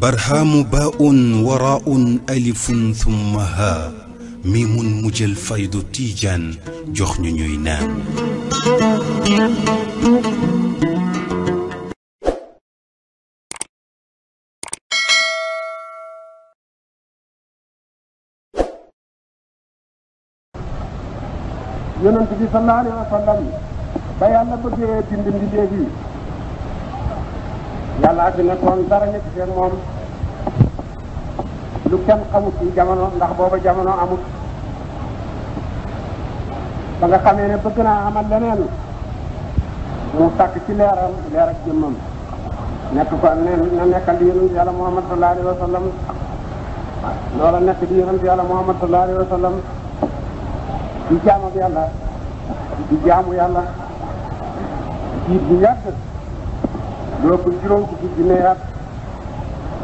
برهام باء وراء ألف ثم ها ميم مجل فيض تيجان جخن نينام يونس صلى الله عليه وسلم بيان بجي دين دين yàlla fi nekkoon dara nekk seen moom lu kenn xamut ci jamono ndax booba jamono amut ba nga xamee ne bëgg naa amal leneen mu takk ci leeram leer ak jëmmam nekk ko ne na nekkal di mu yàlla muhammad sallallahu alayhi wa sallam loola nekk di yonent yàlla muhammad sallallahu alayhi wa sallam di jaamu yàlla di jaamu yàlla jiit bu yàgg loolu juróom fukki junne at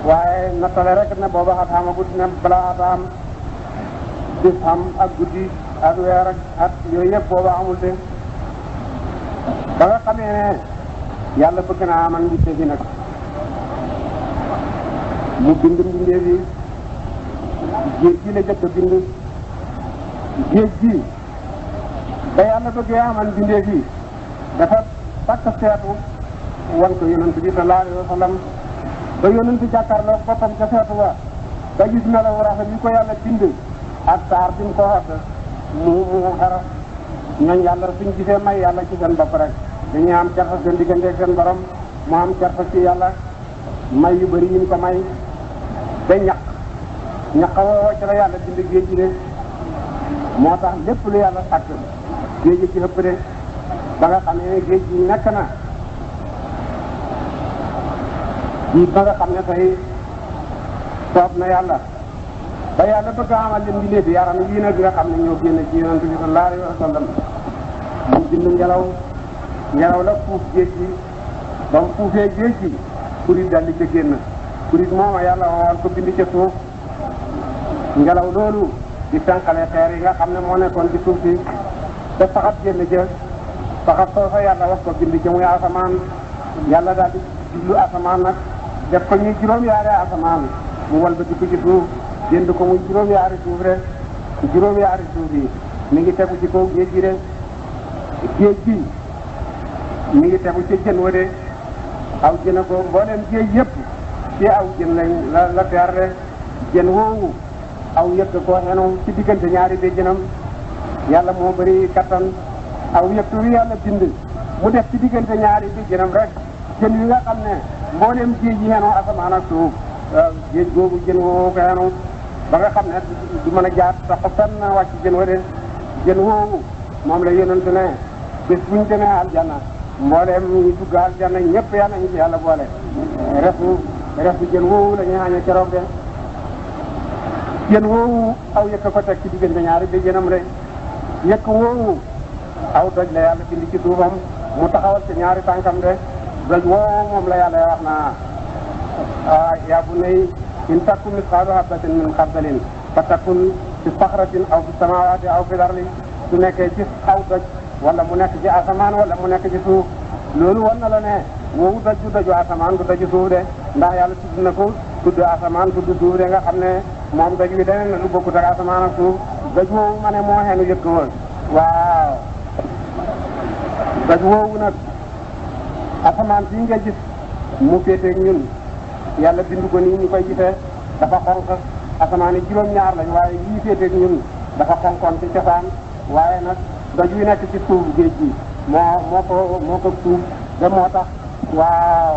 waaye nattale rek ne booba xataam a gudd ne balaa xataam bis xam ak guddi ak weer ak at yooyu yëpp booba amul de ba nga xamee ne yàlla bëgg naa man mbindéef yi nag mu bind mbindéef yi géej gi la jëkk a bind géej gi ba yàlla bëggee aman mbindéef yi dafa takk seetu wan ko yonent bi sallallahu alayhi wa sallam ba yonent jàkkaarloo boppam ca seetu ba ba gis melawu rafet yi ko yàlla bind ak taar bi ko xotte mu mu xar ñooñ yàlla suñ gisee may yàlla ci seen bopp rek dañuy am kersa seen diggante ak seen borom mu am kersa ci yàlla may yu bëri ñu ko may te ñaq ñaq woo ci la yàlla bind géej gi de moo tax lépp lu yàlla sàkk géej ci ëpp de ba nga xam ji ba nga xam ne tey soob na yàlla ba yàlla bëgg a amal leen mbindeef yaram yii nag nga xam ne ñoo génn ci yonent bi sallallahu wa sallam mu bind ngelaw ngelaw la fuuf géej ba fuufee géej kurit dal di ca génn kurit mooma yàlla waxoon ko bind ca suuf ngelaw loolu di tànqale xeer nga xam ne moo nekkoon ci suuf si te saxat génn ca saxat soo fa ko bind ca muy asamaan yàlla daal di jublu asamaan nag def ko ñuy juróom-yaari asamaan mu walbatiku ci suuf jënd ko muy juróom-yaari suuf rek juróom-yaari suuf yi mi ngi tegu ci kaw géej gi de géej gi mi ngi tegu ci jën wa de aw ko mboolem géej yëpp ci aw jën lañ la la rek jën woowu aw yëkk ko xenu ci diggante ñaari béjjënam yàlla moo bëri kattan aw yëkk wi yàlla bind mu def ci diggante ñaari béjjënam rek jën wi nga xam mboolem géej yi xenoo asamaan ak suuf géej googu jën woowu ko xenoo ba nga xam ne du mën a jaar sax fenn wàcc jën wa jën woowu moom la yonent ne bés buñ demee aljanna mboolem ñu dugg aljanna ñëpp yàlla ñu ci yàlla boole refu refu jën woowu la ñuy xañe keroog de jën woowu aw yëkk ko teg ci diggante ñaari bi jënam de yëkk woowu aw doj la yàlla bind ci duubam mu taxawal ci ñaari tànkam de doj woowu moom la yàlla wax naa ah yaa bunayya in takku misqaala habatin min xardalin fa fi saxratin aw fi samawaati aw fi lardi su nekkee ci xaw doj wala mu nekk ci asamaan wala mu nekk ci suuf loolu wan na la ne woowu doj du doju asamaan du doju suuf ndax yàlla tudd na ko tudd asamaan tudd nga xam ne moom doj wi dana moo xeenu yëkk woon waaw doj woowu nag asamaan fii nga gis mu féeteeg ñun yàlla bindu ko nii ñu koy gisee dafa xonq asamaan yi juróom-ñaar lañ waaye yii féeteeg ñun dafa xonqoon ci cosaan waaye nag doj wi nekk ci suuf géej gi moo moo ko moo ko moo tax waaw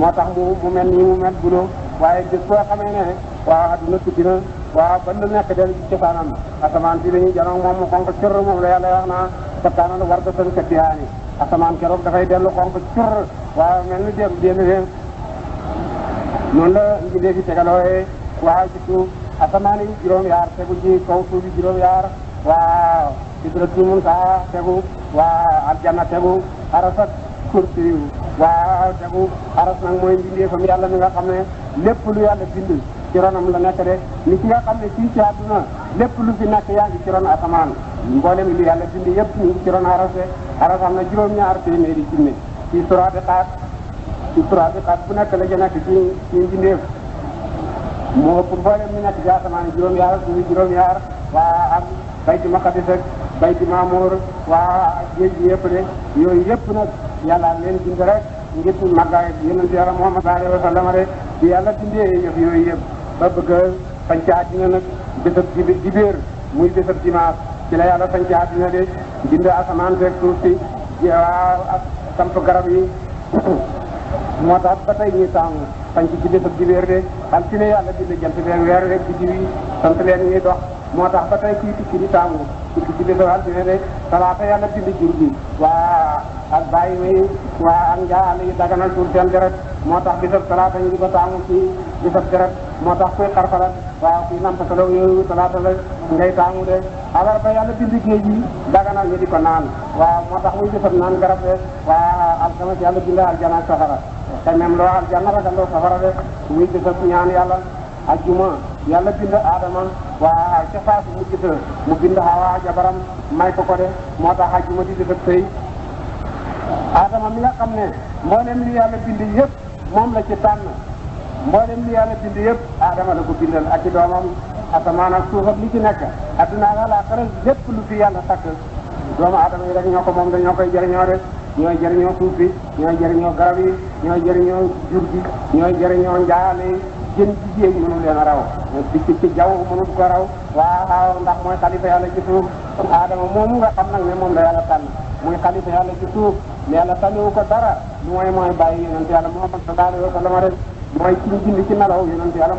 moo tax mu mu mel nii mu mel gulo waaye gis boo xamee ne waa adduna tukki na waaw nekk del ci cosaanam asamaan fii dañuy janoog moom mu xonq cër moom la yàlla wax naa sabtaanoon war da tan kattihaani asamaan keroog dafay dellu xonk cur waaw mel ni démb démb fee noonu la mbindee fi tegalooyee waaw ci suuf asamaan yi juróom yaar tegu ci kaw suuf yi juróom yaar waaw sidratul tegu waaw aljanna tegu arasat kursi waaw tegu aras nag mooy mbindee fam yàlla mi nga xam ne lépp lu yàlla bind ci ronam la nekk de ni ki nga xam ne fii ci àdduna lépp lu fi nekk yaa ngi ci asamaan mboolem li yàlla bind yëpp ñu ngi ci ron arase aras am na juróom-ñaar téeméeri junne ci suraabiqaat ci suraabiqaat bu nekk la ca nekk ci ci mbindeef moo ëpp mboolem ñu nekk ci asamaan juróom-ñaar suñu juróom-ñaar waa am bayti maqadis ak bayti maamoor waa géej gi yëpp de yooyu yëpp nag yàlla leen bind rek ngir màggaay yonent yàlla Muhammad sallallahu alayhi wa sallam de di yàlla bindee yooyu yëpp ba bëgg a fañ ca àddina nag bésab di ci la yàlla sañ ci àdduna de bind asamaan seeg suuf si waaw ak samp garab yi moo tax ba tey ñuy taamu sañ ci guddi ak jibéer de al ci la yàlla bind jant leen weer rek di jiw yi sant leen ñuy dox moo tax ba tey kuy tukki di taamu tukki guddi ak al ci ne de talaata yàlla bind jur gi waa ak bàyyi wi waa ak njaa yi daganal tuur seen deret moo tax bisab talaata ñu di ko taamu ci bisab deret moo tax kuy xarfalat waaw kuy nampatalaw yooyu talaata la ngay taamu de alarba yàlla bind géej gi daganal ñu di ko naan waaw moo tax muy jëfat naan garab de waaw alxames yàlla bind aljana ak safara te loo aljana ragal loo safara de muy jëfat ñaan yàlla ajjuma yàlla bind aadama waaw ca faas mu gis mu bind xawaa jabaram may ko de moo tax ajjuma di jëfat sëy aadama mi nga ne mboolem li yàlla bind yëpp moom la ci tànn mboolem li yàlla bind yëpp aadama la ko bindal ak ci doomam asamaan ak suuf ak li ci nekk adduna ak alaaxira lépp lu fi yàlla doomu adama yi rek ñoo ko moom dañoo koy jëriñoo rek ñooy jëriñoo suuf bi ñooy jëriñoo garab yi ñooy jëriñoo jur gi yi jën ci jéeg mënul leen a raw ci ci jaww mënul ko raw waaw ndax mooy xalifa yàlla ci suuf aadama moomu nga xam nag ne moom la yàlla tànn muy xalifa yàlla ci suuf yàlla tànnewu ko dara lu mooy mooy bàyyi yonent yàlla Muhammad sallallahu alayhi wa sallam rek mooy yi ñu bind ci nelaw yonent yàlla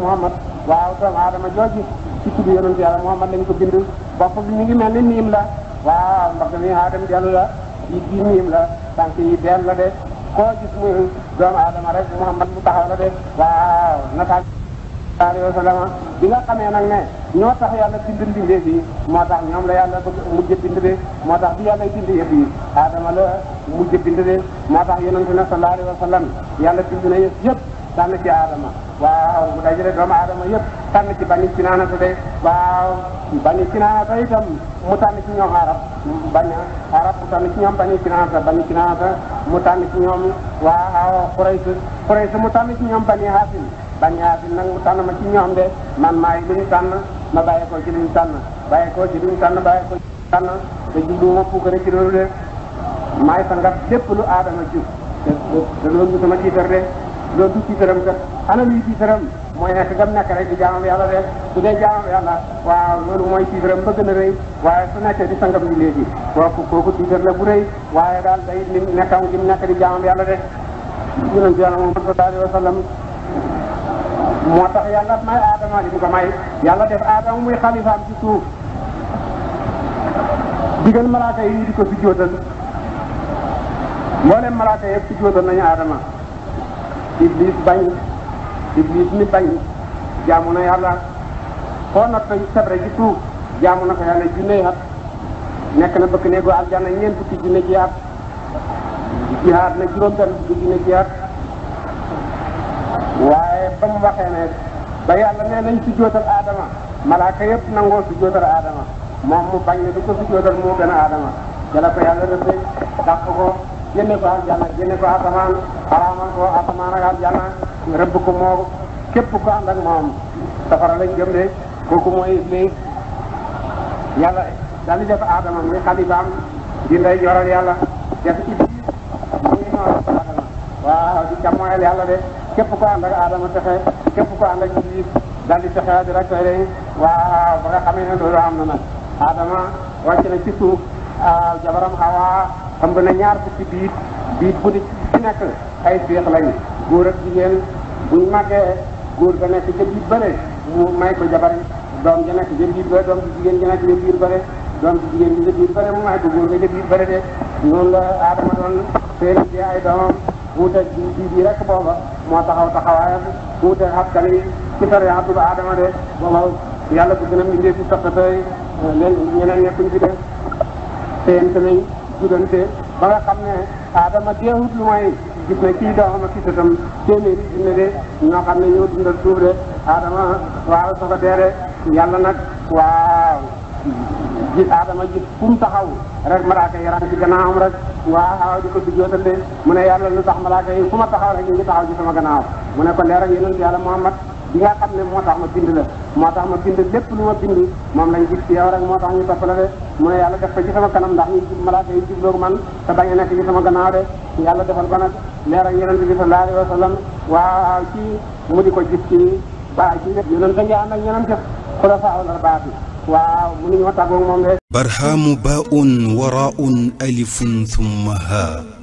waaw doomu aadama jooju ci tudd yonent yàlla Muhammad lañ ko bind bopp bi mi ngi mel ni niim la waaw ndax mi aadam dellu la yi di la tànk yi deel la de koo gis muy doomu aadama rek Muhammad mu taxaw la de waaw nataal alayhi wa sallam bi nga xamee nag ñoo tax yàlla bind mbindeef yi moo tax ñoom la yàlla bëgg mujj moo tax bi yàlla bind yëpp yi aadama la mujj bind de moo tax yonent na sallallahu alayhi wa sallam yàlla bind na yëpp tànn ci aadama waaw mu dajale doomu aadama yëpp tànn ci bani kinaanata de waaw bani kinaanata itam mu tànn ci ñoom arab bani arab mu tànn ci ñoom bani kinaanata bani kinaanata mu tànn ci ñoom waaw Quraysh Quraysh mu tànn ci ñoom bani haasim bani haasim nag mu tànn ma ci ñoom de man maay lu ñu tànn ma bàyyi koo ci lu ñu tànn bàyyi ko ci lu ñu tànn bàyyi ko ci lu tànn te jublu ma puukare ci loolu de maay sangat lépp lu aadama jub te loolu sama tiitar de loolu du tiitaram kat ana luy tiitaram mooy nekk gam nekk rek di jaamam yàlla de bu dee jaamam yàlla waaw loolu mooy tiitaram ba gën waaye su nekkee di sangam bi léegi kooku kooku tiitar la bu rëy waaye daal day ni nekkam gi nekk di jaamam yàlla de yonent yàlla moom sallallahu alayhi wa sallam moo tax yàlla may aadama di ko may yàlla def aadama muy xalifaam ci suuf digal malaaka yi di ko si jootal mboolem malaaka yëpp si jootal nañu aadama iblis bañ iblis mi bañ jaamu na yàlla koo nag ko sabre ji tuub jaamu na ko yàlla junne at nekk na bëkk néegu aljanna ñeent fukki junne ci at jihaad na juróom benn fukki junne waaye ba mu waxee ne ba yàlla nee nañ si jootal aadama malaaka yëpp nangoo si jootal aadama moom mu bañ ne du ko si jootal moo gën a aadama jala ko yàlla génne ko aljanna génne ko asamaan araamal ko asamaan ak aljanna rëbb ko moo képp ko ànd moom safara lañ gëm de kooku mooy iblis yàlla daal di def aadama muy xalibaam di ndey joral yàlla def iblis muy noonu aadama waaw de képp ko ànd ak texe képp ko ànd ak iblis texe di rek texe waaw ba nga am na nag aadama wàcc na ci suuf ah, jabaram Awa ëmb na ñaar fukki biit biit bu ci nekk ay féex lañ góor ak jigéen buñ màggee góor ga nekk ca biit bëre mu may ko jabar doom ja nekk ca biit bëre doom ji jigéen ja nekk ca biir bëre doom ji jigéen ji ca biir bëre mu may ko góor ga ca biir bëre de noonu la aadama doon féeram ci ay doomam wuute ji bi rek booba moo taxaw taxawaayam wuute xabkal yi ci tar abdul aadama de booba yàlla bu gën a mbindee fi soxta tey euh, leen ñeneen nekkuñ de séen nañ judante ba nga xam ne aadama deewut lu may gis ne kii doomam ak kii sëtam téeméeri jinne de ñoo xam ne ñoo dundal suuf de aadama waaw soo ko deere yàlla nag waaw gis aadama gis fu mu taxaw rek malaaka yi ran ci gannaawam rek waaw di ko di jootal de mu ne yàlla lu tax malaaka yi fu ma taxaw rek ñu ngi taxaw ci sama gannaaw mu ne ko leer ak yonent yàlla Muhammad برهام باء وراء الف ثم هاء